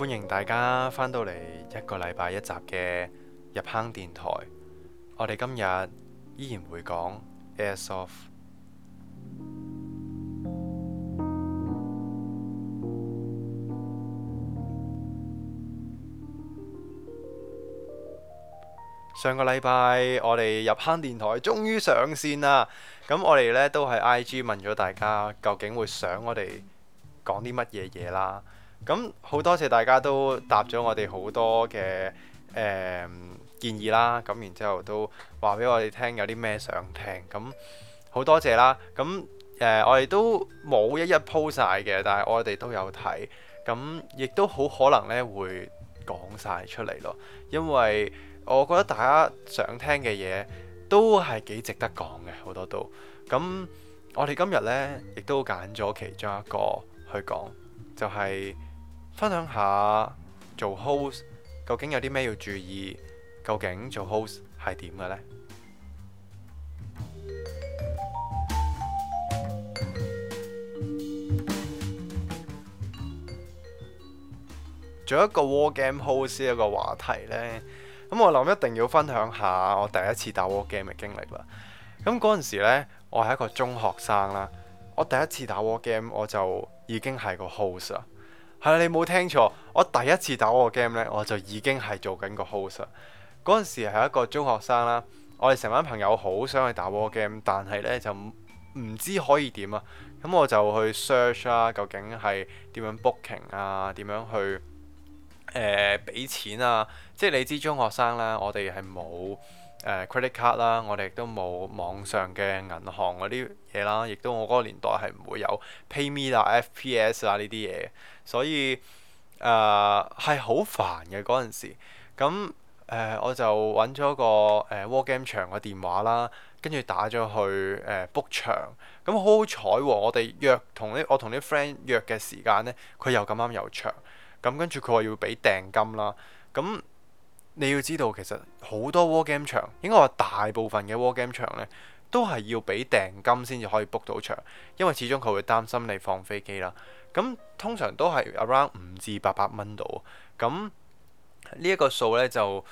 歡迎大家翻到嚟一個禮拜一集嘅入坑電台，我哋今日依然會講 Airsoft。上個禮拜我哋入坑電台終於上線啦，咁我哋呢都係 IG 問咗大家究竟會想我哋講啲乜嘢嘢啦。咁好多謝大家都答咗我哋好多嘅誒、呃、建議啦，咁然之後都話俾我哋聽有啲咩想聽，咁好多謝啦。咁誒、呃、我哋都冇一一鋪晒嘅，但係我哋都有睇，咁亦都好可能呢會講晒出嚟咯。因為我覺得大家想聽嘅嘢都係幾值得講嘅，好多都。咁我哋今日呢，亦都揀咗其中一個去講，就係、係。分享下做 host 究竟有啲咩要注意？究竟做 host 係點嘅呢？做一個 war game host 呢一個話題咧，咁我諗一定要分享下我第一次打 war game 嘅經歷啦。咁嗰陣時咧，我係一個中學生啦，我第一次打 war game 我就已經係個 host 啦。係啦，你冇聽錯，我第一次打 war game 咧，我就已經係做緊個 host 啦。嗰陣時係一個中學生啦，我哋成班朋友好想去打 war game，但係咧就唔知可以點啊。咁我就去 search 啦、啊，究竟係點樣 booking 啊，點樣去誒俾、呃、錢啊？即係你知中學生啦，我哋係冇。誒、呃、credit card 啦，我哋亦都冇網上嘅銀行嗰啲嘢啦，亦都我嗰個年代係唔會有 PayMe 啦、FPS 啦呢啲嘢，所以誒係好煩嘅嗰陣時。咁誒、呃、我就揾咗個誒、呃、war game 場嘅電話啦，跟住打咗去誒 book、呃、場。咁好好彩喎，我哋約同啲我同啲 friend 約嘅時間呢，佢又咁啱有場。咁跟住佢話要俾訂金啦，咁。你要知道，其實好多 War Game 場應該話大部分嘅 War Game 場呢都係要俾訂金先至可以 book 到場，因為始終佢會擔心你放飛機啦。咁通常都係 around 五至八百蚊度。咁呢一個數呢，就誒、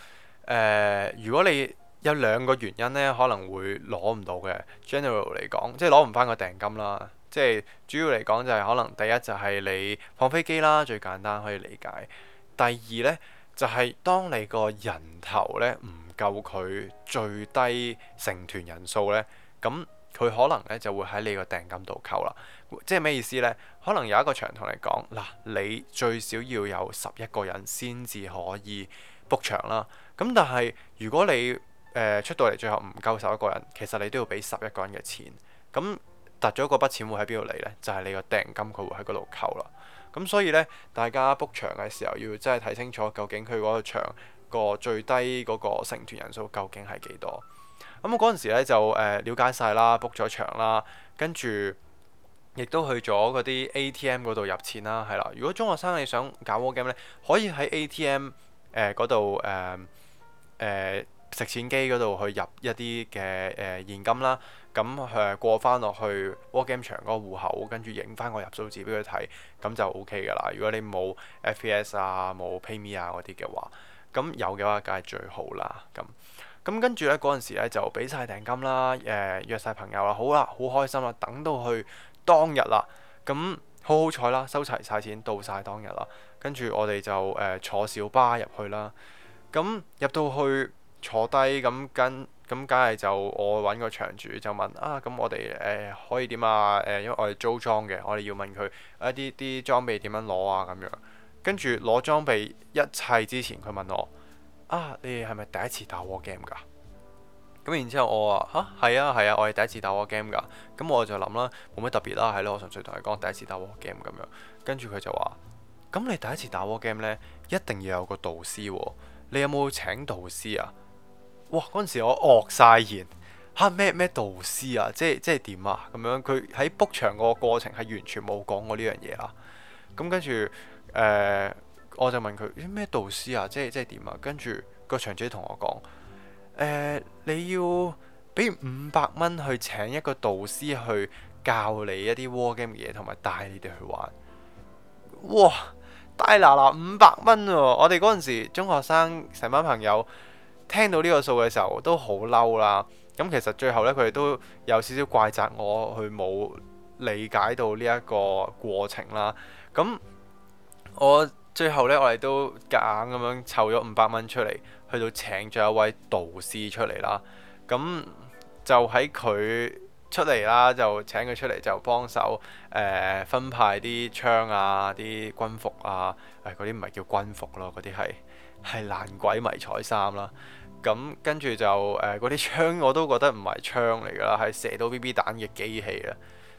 呃，如果你有兩個原因呢，可能會攞唔到嘅。General 嚟講，即係攞唔翻個訂金啦。即係主要嚟講就係、是、可能第一就係你放飛機啦，最簡單可以理解。第二呢。就係當你個人頭呢，唔夠佢最低成團人數呢，咁佢可能呢就會喺你個訂金度扣啦。即係咩意思呢？可能有一個場同你講，嗱，你最少要有十一個人先至可以 book 場啦。咁但係如果你、呃、出到嚟最後唔夠十一個人，其實你都要俾十一個人嘅錢。咁揼咗嗰筆錢會喺邊度嚟呢？就係、是、你個訂金，佢會喺嗰度扣啦。咁所以呢，大家 book 場嘅時候要真係睇清楚，究竟佢嗰個場個最低嗰個成團人數究竟係幾多？咁我嗰陣時咧就誒瞭、呃、解晒啦，book 咗場啦，跟住亦都去咗嗰啲 ATM 嗰度入錢啦，係啦。如果中學生你想搞 War Game 咧，可以喺 ATM 嗰、呃、度誒誒，食錢機嗰度去入一啲嘅誒現金啦，咁誒、呃、過翻落去 Wargame 場嗰個戶口，跟住影翻個入數紙俾佢睇，咁就 O K 㗎啦。如果你冇 FPS 啊、冇 PayMe 啊嗰啲嘅話，咁有嘅話梗係最好啦。咁咁跟住咧嗰陣時咧就俾晒訂金啦，誒、呃、約晒朋友啦，好啦，好開心啦，等到去當日啦，咁好好彩啦，收齊晒錢到晒當日啦，跟住我哋就誒、呃、坐小巴入去啦，咁入到去。坐低咁跟咁，梗係就我搵個場主就問啊。咁我哋誒、欸、可以點啊？誒、欸，因為我哋租裝嘅，我哋要問佢一啲啲裝備點樣攞啊咁樣。跟住攞裝備一切之前，佢問我啊，你係咪第一次打 war game 㗎？咁、啊、然之後我話吓係啊係啊，啊，啊，我係第一次打 war game 㗎。咁我就諗啦，冇乜特別啦、啊，係咯、啊，我純粹同你講第一次打 war game 咁樣。跟住佢就話：咁你第一次打 war game 呢？一定要有個導師喎、啊。你有冇請導師啊？哇！嗰陣時我惡晒言嚇咩咩導師啊，即係即係點啊咁樣？佢喺 book 場個過程係完全冇講過呢樣嘢啦。咁、嗯、跟住誒、呃，我就問佢咩導師啊？即係即係點啊？跟住個場主同我講誒、呃，你要俾五百蚊去請一個導師去教你一啲 war game 嘅嘢，同埋帶你哋去玩。哇！大嗱嗱五百蚊喎！我哋嗰陣時中學生成班朋友。聽到呢個數嘅時候都好嬲啦，咁其實最後呢，佢哋都有少少怪責我，佢冇理解到呢一個過程啦。咁我最後呢，我哋都夾硬咁樣湊咗五百蚊出嚟，去到請咗一位導師出嚟啦。咁就喺佢出嚟啦，就請佢出嚟就幫手誒、呃、分派啲槍啊、啲軍服啊，嗰啲唔係叫軍服咯，嗰啲係係爛鬼迷彩衫啦。咁跟住就誒，嗰啲槍我都覺得唔係槍嚟㗎啦，係射到 BB 彈嘅機器啦。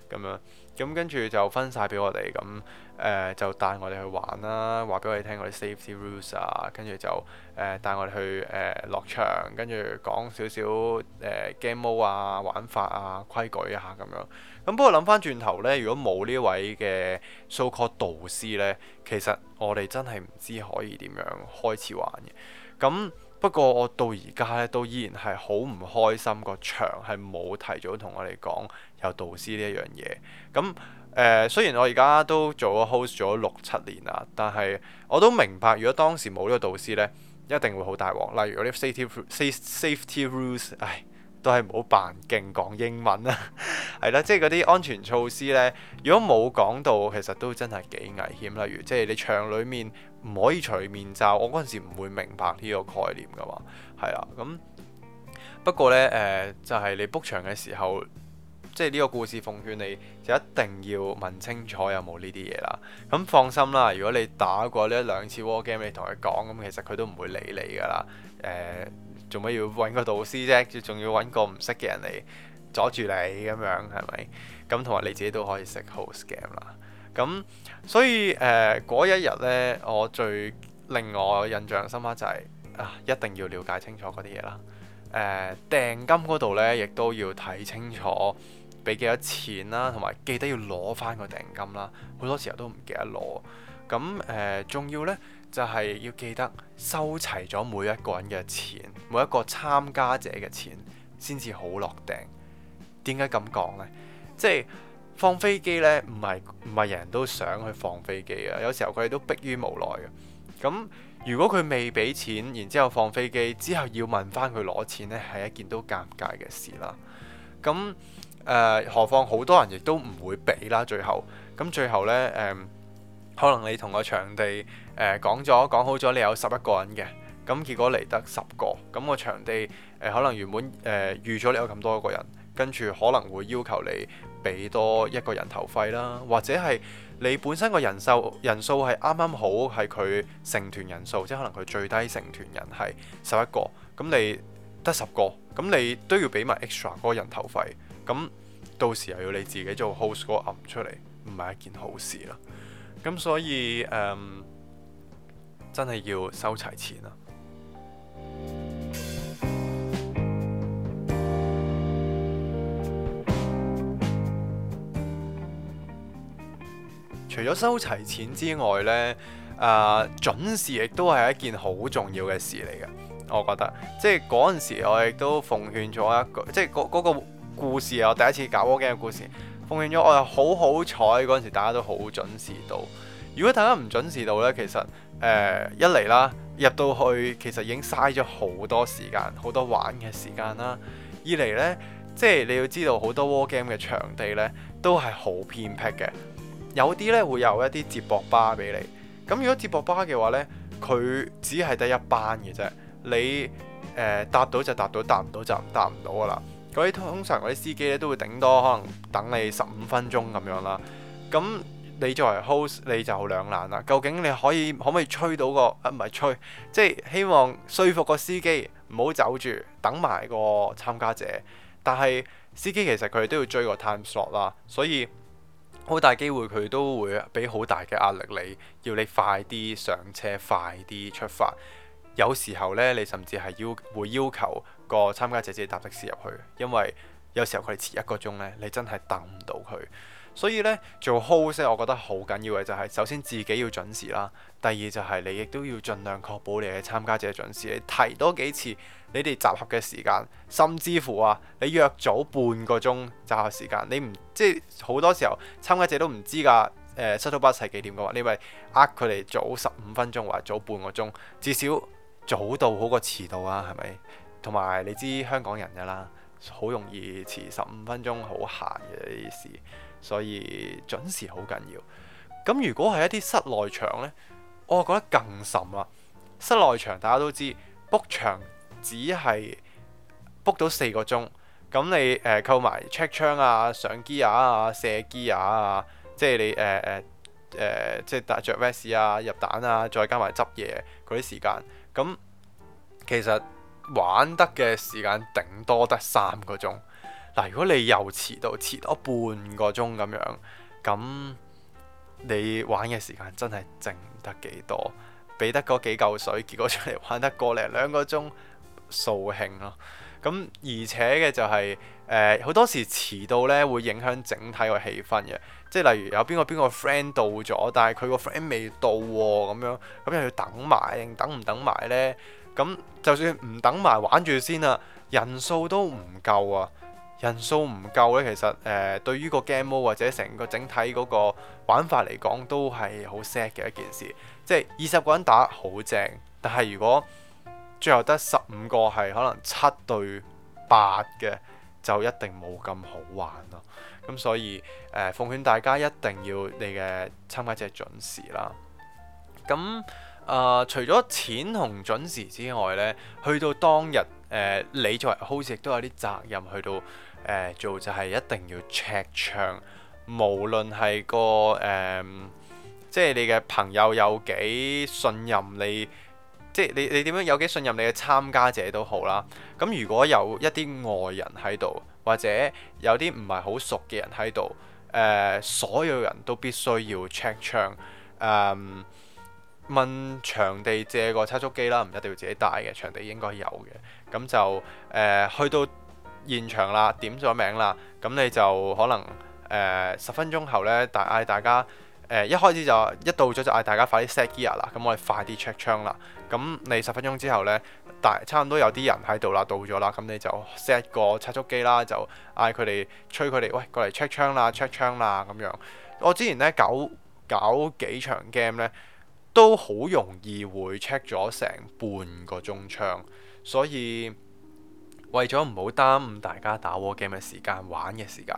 咁樣，咁跟住就分晒俾我哋，咁誒、呃、就帶我哋去玩啦，話俾我哋聽我哋 safety rules 啊，跟住就誒帶、呃、我哋去誒落、呃、場，跟住講少少誒 game mode 啊、玩法啊、規矩啊咁樣。咁不過諗翻轉頭呢，如果冇呢位嘅 so-called 導師呢，其實我哋真係唔知可以點樣開始玩嘅。咁不過我到而家咧都依然係好唔開心，個場係冇提早同我哋講有導師呢一樣嘢。咁誒、呃、雖然我而家都做咗 host 咗六七年啦，但係我都明白，如果當時冇呢個導師咧，一定會好大鑊。例如嗰啲 safety safety rules，唉，都係唔好扮勁講英文啦，係 啦，即係嗰啲安全措施咧，如果冇講到，其實都真係幾危險。例如即係你場裡面，唔可以除面罩，我嗰陣時唔會明白呢個概念噶嘛，係啦。咁不過呢，誒、呃、就係、是、你 book 場嘅時候，即係呢個故事奉勸你，就一定要問清楚有冇呢啲嘢啦。咁放心啦，如果你打過呢一兩次 war game，你同佢講，咁其實佢都唔會理你噶啦。誒做乜要揾個導師啫？仲要揾個唔識嘅人嚟阻住你咁樣，係咪？咁同埋你自己都可以識 host game 啦。咁所以誒嗰、呃、一日呢，我最令我印象深刻就係、是、啊，一定要了解清楚嗰啲嘢啦。誒、呃、訂金嗰度呢，亦都要睇清楚，俾幾多錢啦，同埋記得要攞返個訂金啦。好多時候都唔記得攞。咁誒、呃、重要呢，就係、是、要記得收齊咗每一個人嘅錢，每一個參加者嘅錢，先至好落訂。點解咁講呢？即係。放飛機呢，唔係唔係人人都想去放飛機啊！有時候佢哋都迫於無奈嘅。咁如果佢未俾錢，然之後放飛機之後要問翻佢攞錢呢，係一件都尷尬嘅事啦。咁、呃、何況好多人亦都唔會俾啦。最後，咁最後呢，誒、呃，可能你同個場地誒講咗講好咗，你有十一個人嘅。咁結果嚟得十個，咁個場地可能原本誒預咗你有咁多個人，跟住可能會要求你。俾多一個人頭費啦，或者係你本身個人數人數係啱啱好係佢成團人數，即係可能佢最低成團人係十一個，咁你得十個，咁你都要俾埋 extra 嗰個人頭費，咁到時又要你自己做 host 嗰個揞出嚟，唔係一件好事啦。咁所以誒、嗯，真係要收齊錢啦。除咗收齊錢之外呢誒、呃、準時亦都係一件好重要嘅事嚟嘅，我覺得。即係嗰陣時，我亦都奉勸咗一個，即係嗰、嗰個故事啊，我第一次搞 War Game 嘅故事，奉勸咗我係好好彩嗰陣時，大家都好準時到。如果大家唔準時到呢，其實誒、呃、一嚟啦，入到去其實已經嘥咗好多時間、好多玩嘅時間啦。二嚟呢，即係你要知道好多 War Game 嘅場地呢，都係好偏僻嘅。有啲呢會有一啲接駁巴俾你，咁如果接駁巴嘅話呢，佢只係得一班嘅啫，你誒搭、呃、到就搭到，搭唔到就搭唔到噶啦。嗰啲通常嗰啲司機呢，都會頂多可能等你十五分鐘咁樣啦。咁你作為 host，你就兩難啦，究竟你可以可唔可以吹到個啊？唔係吹，即係希望說服個司機唔好走住等埋個參加者，但係司機其實佢哋都要追個 time slot 啦，所以。好大機會佢都會俾好大嘅壓力你，要你快啲上車，快啲出發。有時候呢，你甚至係要會要求個參加者自己搭的士入去，因為有時候佢哋遲一個鐘呢，你真係等唔到佢。所以咧做 host，我覺得好緊要嘅就係首先自己要準時啦，第二就係你亦都要盡量確保你嘅參加者準時。你提多幾次你哋集合嘅時間，甚至乎啊，你約早半個鐘集合時間，你唔，即係好多時候參加者都唔知噶，誒，呃，shuttle bus 係幾點嘅話，你咪呃佢嚟早十五分鐘或者早半個鐘，至少早到好過遲到啊，係咪？同埋你知香港人㗎啦，好容易遲十五分鐘好閒嘅呢啲事。所以準時好緊要。咁如果係一啲室內場呢，我覺得更甚啦。室內場大家都知，book 場只係 book 到四個鐘。咁你誒購埋 check 槍啊、相機啊、射機啊，即係你誒誒、呃呃、即係戴著 vest 啊、入彈啊，再加埋執嘢嗰啲時間。咁其實玩得嘅時間頂多得三個鐘。嗱，如果你又遲到，遲多半個鐘咁樣，咁你玩嘅時間真係剩得幾多，俾得嗰幾嚿水，結果出嚟玩得個零兩個鐘掃興咯。咁而且嘅就係誒好多時遲到呢會影響整體嘅氣氛嘅。即係例如有邊個邊個 friend 到咗，但係佢個 friend 未到喎、哦，咁樣咁又要等埋，等唔等埋呢？咁就算唔等埋玩住先啦，人數都唔夠啊！人數唔夠呢，其實誒、呃、對於個 game mode 或者成個整體嗰個玩法嚟講，都係好 sad 嘅一件事。即係二十個人打好正，但係如果最後得十五個係可能七對八嘅，就一定冇咁好玩咯。咁所以誒、呃、奉勸大家一定要你嘅參加者準時啦。咁誒、呃、除咗錢同準時之外呢，去到當日誒、呃、你作為 host 亦都有啲責任去到。做就係一定要 check 槍，無論係個誒，即、嗯、係、就是、你嘅朋友有幾信任你，即、就、係、是、你你點樣有幾信任你嘅參加者都好啦。咁如果有一啲外人喺度，或者有啲唔係好熟嘅人喺度、呃，所有人都必須要 check 槍。誒、嗯、問場地借個測速機啦，唔一定要自己帶嘅，場地應該有嘅。咁就、呃、去到。現場啦，點咗名啦，咁你就可能誒十、呃、分鐘後呢，大嗌大家誒、呃、一開始就一到咗就嗌大家快啲 set gear 啦，咁我哋快啲 check 槍啦。咁你十分鐘之後呢，大差唔多有啲人喺度啦，到咗啦，咁你就 set 個測速機啦，就嗌佢哋催佢哋，喂過嚟 check 槍啦，check 槍啦咁樣。我之前呢，搞搞幾場 game 呢，都好容易會 check 咗成半個鐘槍，所以。為咗唔好耽誤大家打 war game 嘅時間，玩嘅時間、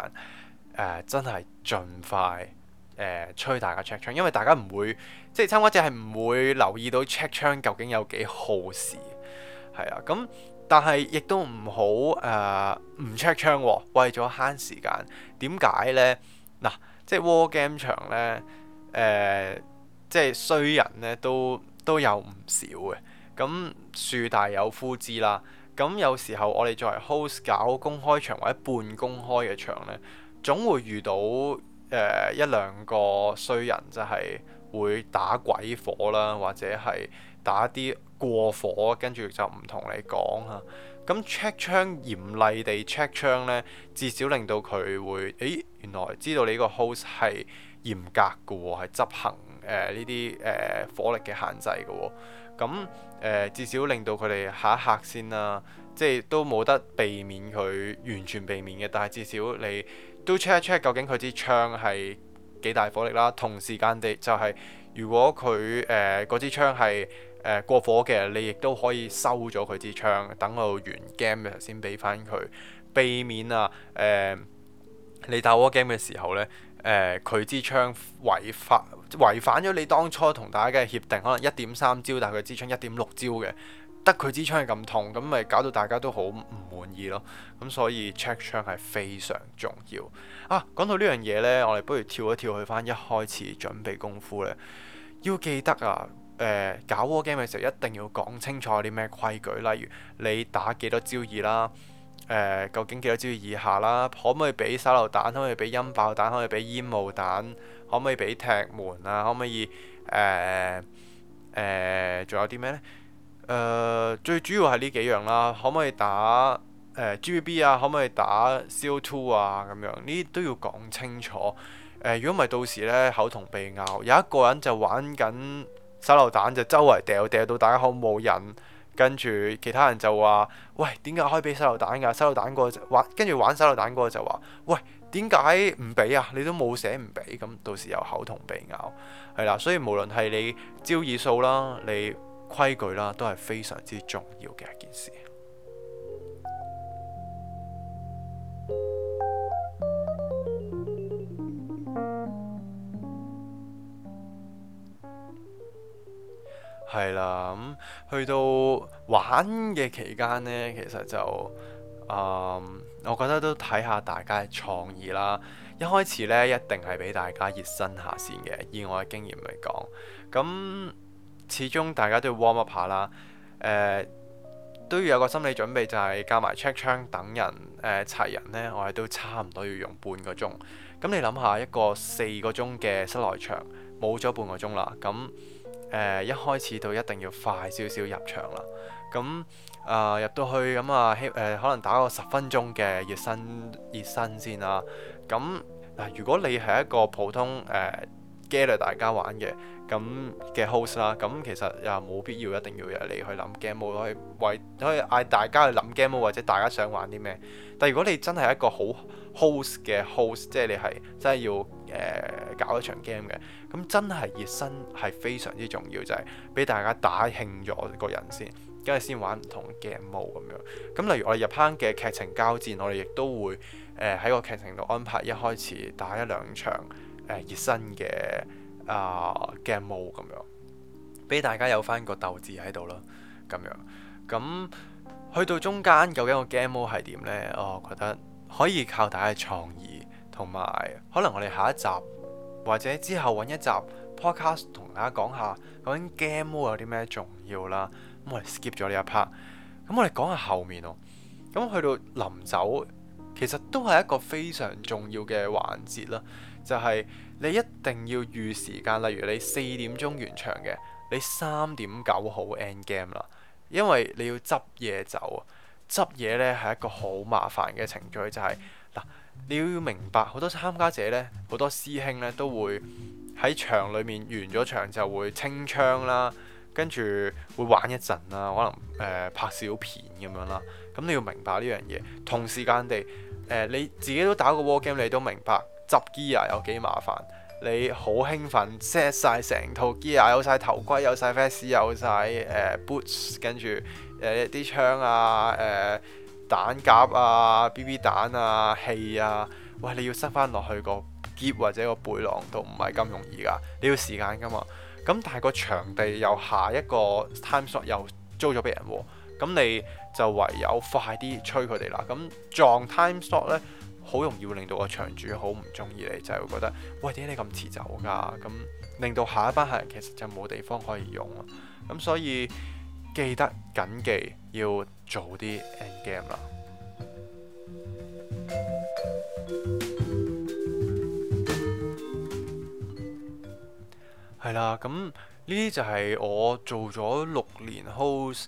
呃，真係盡快誒、呃、催大家 check 槍，ch ang, 因為大家唔會即係參加者係唔會留意到 check 槍 ch 究竟有幾耗、嗯呃哦、時，係啊，咁但係亦都唔好誒唔 check 槍，為咗慳時間。點解呢？嗱，即係 war game 場呢，誒即係衰人呢，都都有唔少嘅，咁、嗯、樹大有枯枝啦。咁有時候我哋作為 host 搞公開場或者半公開嘅場呢，總會遇到誒、呃、一兩個衰人，就係、是、會打鬼火啦，或者係打啲過火，跟住就唔同你講啊。咁、嗯、check 槍嚴厲地 check 槍呢，至少令到佢會，咦，原來知道你個 host 係嚴格嘅喎，係執行誒呢啲誒火力嘅限制嘅喎。啊。咁誒、呃，至少令到佢哋嚇一嚇先啦，即係都冇得避免佢完全避免嘅。但係至少你都 check 一 check 究竟佢支槍係幾大火力啦。同時間地就係，如果佢誒嗰支槍係誒、呃、過火嘅，你亦都可以收咗佢支槍，等到完 game 先俾翻佢，避免啊誒、呃、你打 war game 嘅時候咧。誒佢支槍違法違反咗你當初同大家嘅協定，可能一點三焦，但係佢支槍一點六焦嘅，得佢支槍係咁痛，咁咪搞到大家都好唔滿意咯。咁所以 check 槍係非常重要啊！講到呢樣嘢呢，我哋不如跳一跳去翻一開始準備功夫呢，要記得啊，誒、呃、搞 War game 嘅時候一定要講清楚啲咩規矩，例如你打幾多焦耳啦。呃、究竟幾多招以下啦？可唔可以俾手榴彈？可唔可以俾音爆彈？可唔可以俾煙霧彈？可唔可以俾踢門啊？可唔可以誒誒？仲、呃呃、有啲咩呢？誒、呃、最主要係呢幾樣啦。可唔可以打誒、呃、GBB 啊？可唔可以打 CO2 啊？咁樣呢都要講清楚。誒如果唔係到時呢口同鼻拗。有一個人就玩緊手榴彈，就周圍掉，掉到大家好冇癮。跟住其他人就話：喂，點解可以俾手榴彈㗎？手榴彈嗰個玩，跟住玩手榴彈嗰個就話：喂，點解唔俾啊？你都冇寫唔俾，咁到時又口同鼻拗，係啦。所以無論係你招二數啦，你規矩啦，都係非常之重要嘅一件事。係啦，咁、嗯、去到玩嘅期間呢，其實就、嗯、我覺得都睇下大家嘅創意啦。一開始呢，一定係俾大家熱身下先嘅。以我嘅經驗嚟講，咁始終大家都要 warm up 一下啦、呃。都要有個心理準備，就係、是、加埋 check 槍等人誒齊、呃、人呢，我哋都差唔多要用半個鐘。咁你諗下一個四個鐘嘅室內場，冇咗半個鐘啦，咁。誒、呃、一開始到一定要快少少入場啦，咁、嗯、誒、呃、入到去咁啊希誒可能打個十分鐘嘅熱身熱身先啦。咁、嗯、嗱，如果你係一個普通誒 guide、呃、大家玩嘅咁嘅 host 啦，咁、嗯、其實又冇必要一定要入嚟去諗 game mode 可以嗌大家去諗 game 或者大家想玩啲咩。但如果你真係一個好 host 嘅 host，即係你係真係要誒、呃、搞一場 game 嘅，咁真係熱身係非常之重要，就係、是、俾大家打興咗個人先，跟住先玩唔同 game mode 咁樣。咁例如我哋入坑嘅劇情交戰，我哋亦都會誒喺、呃、個劇情度安排一開始打一兩場誒、呃、熱身嘅啊、呃、game mode 咁樣，俾大家有翻個鬥志喺度咯。咁樣咁去到中間究竟個 game mode 係點呢？我覺得，可以靠大家嘅創意，同埋可能我哋下一集或者之後揾一集 podcast 同大家講下究竟 game mode 有啲咩重要啦。咁我哋 skip 咗呢一 part，咁我哋講下後面囉。咁去到臨走，其實都係一個非常重要嘅環節啦。就係你一定要預時間，例如你四點鐘完場嘅，你三點九好 end game 啦，因為你要執嘢走。執嘢呢係一個好麻煩嘅程序，就係、是、嗱，你要明白好多參加者呢，好多師兄呢，都會喺場裡面完咗場就會清槍啦，跟住會玩一陣啦，可能誒、呃、拍小片咁樣啦。咁你要明白呢樣嘢，同時間地誒、呃、你自己都打過 war game，你都明白執 gear 有幾麻煩。你好興奮 set 曬成套 gear，有晒頭盔，有晒 vest，有晒誒、uh, boots，跟住。誒啲槍啊，誒彈夾啊，BB 彈啊，氣啊，喂，你要塞翻落去個篋或者個背囊都唔係咁容易㗎，你要時間㗎嘛。咁但係個場地又下一個 time slot 又租咗俾人喎，咁你就唯有快啲催佢哋啦。咁撞 time slot 咧，好容易會令到個場主好唔中意你，就係、是、會覺得，喂，點解你咁遲走㗎？咁令到下一班客人其實就冇地方可以用啊。咁所以。記得緊記要做啲 end game 啦。係啦，咁呢啲就係我做咗六年 host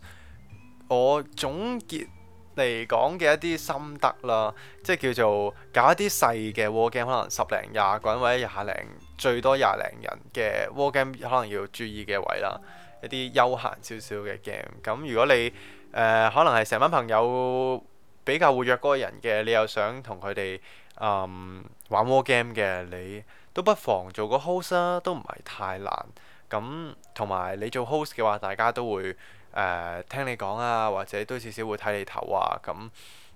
我總結嚟講嘅一啲心得啦，即係叫做搞一啲細嘅 war game，可能十零廿個人或者廿零最多廿零人嘅 war game，可能要注意嘅位啦。一啲休閒少少嘅 game，咁如果你誒、呃、可能係成班朋友比較活躍嗰人嘅，你又想同佢哋玩 war game 嘅，你都不妨做個 host 啦、啊，都唔係太難。咁同埋你做 host 嘅話，大家都會誒、呃、聽你講啊，或者都少少會睇你頭啊咁。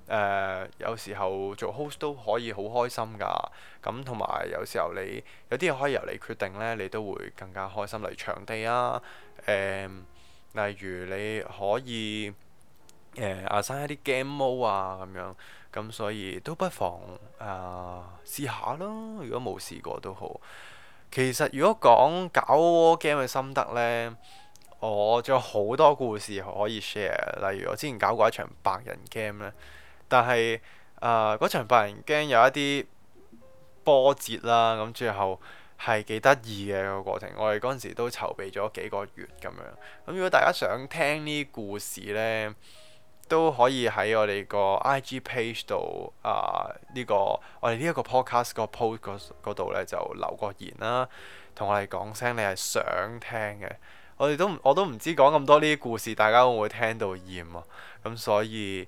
誒、uh, 有時候做 host 都可以好開心㗎，咁同埋有時候你有啲嘢可以由你決定呢，你都會更加開心嚟場地啊。誒、uh,，例如你可以誒、uh, 啊，一啲 game mode 啊咁樣，咁所以都不妨啊、uh, 試下咯。如果冇試過都好。其實如果講搞 game 嘅心得呢，我仲有好多故事可以 share。例如我之前搞過一場百人 game 呢。但係，啊、呃，嗰場白人驚有一啲波折啦，咁最後係幾得意嘅個過程。我哋嗰陣時都籌備咗幾個月咁樣。咁如果大家想聽呢啲故事呢，都可以喺我哋個 IG page 度啊，呢、呃呢個我哋呢一個 podcast 個 post 嗰度呢，就留個言啦，同我哋講聲你係想聽嘅。我哋都我都唔知講咁多呢啲故事，大家會唔會聽到厭啊？咁所以。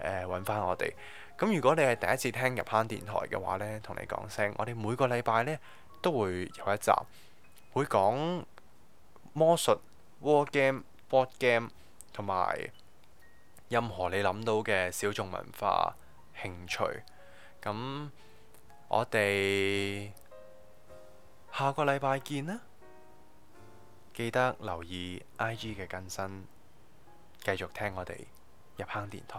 誒，揾翻我哋，咁如果你係第一次聽入坑電台嘅話呢，同你講聲，我哋每個禮拜呢都會有一集，會講魔術、War Game、Board Game 同埋任何你諗到嘅小眾文化興趣。咁我哋下個禮拜見啦！記得留意 IG 嘅更新，繼續聽我哋入坑電台。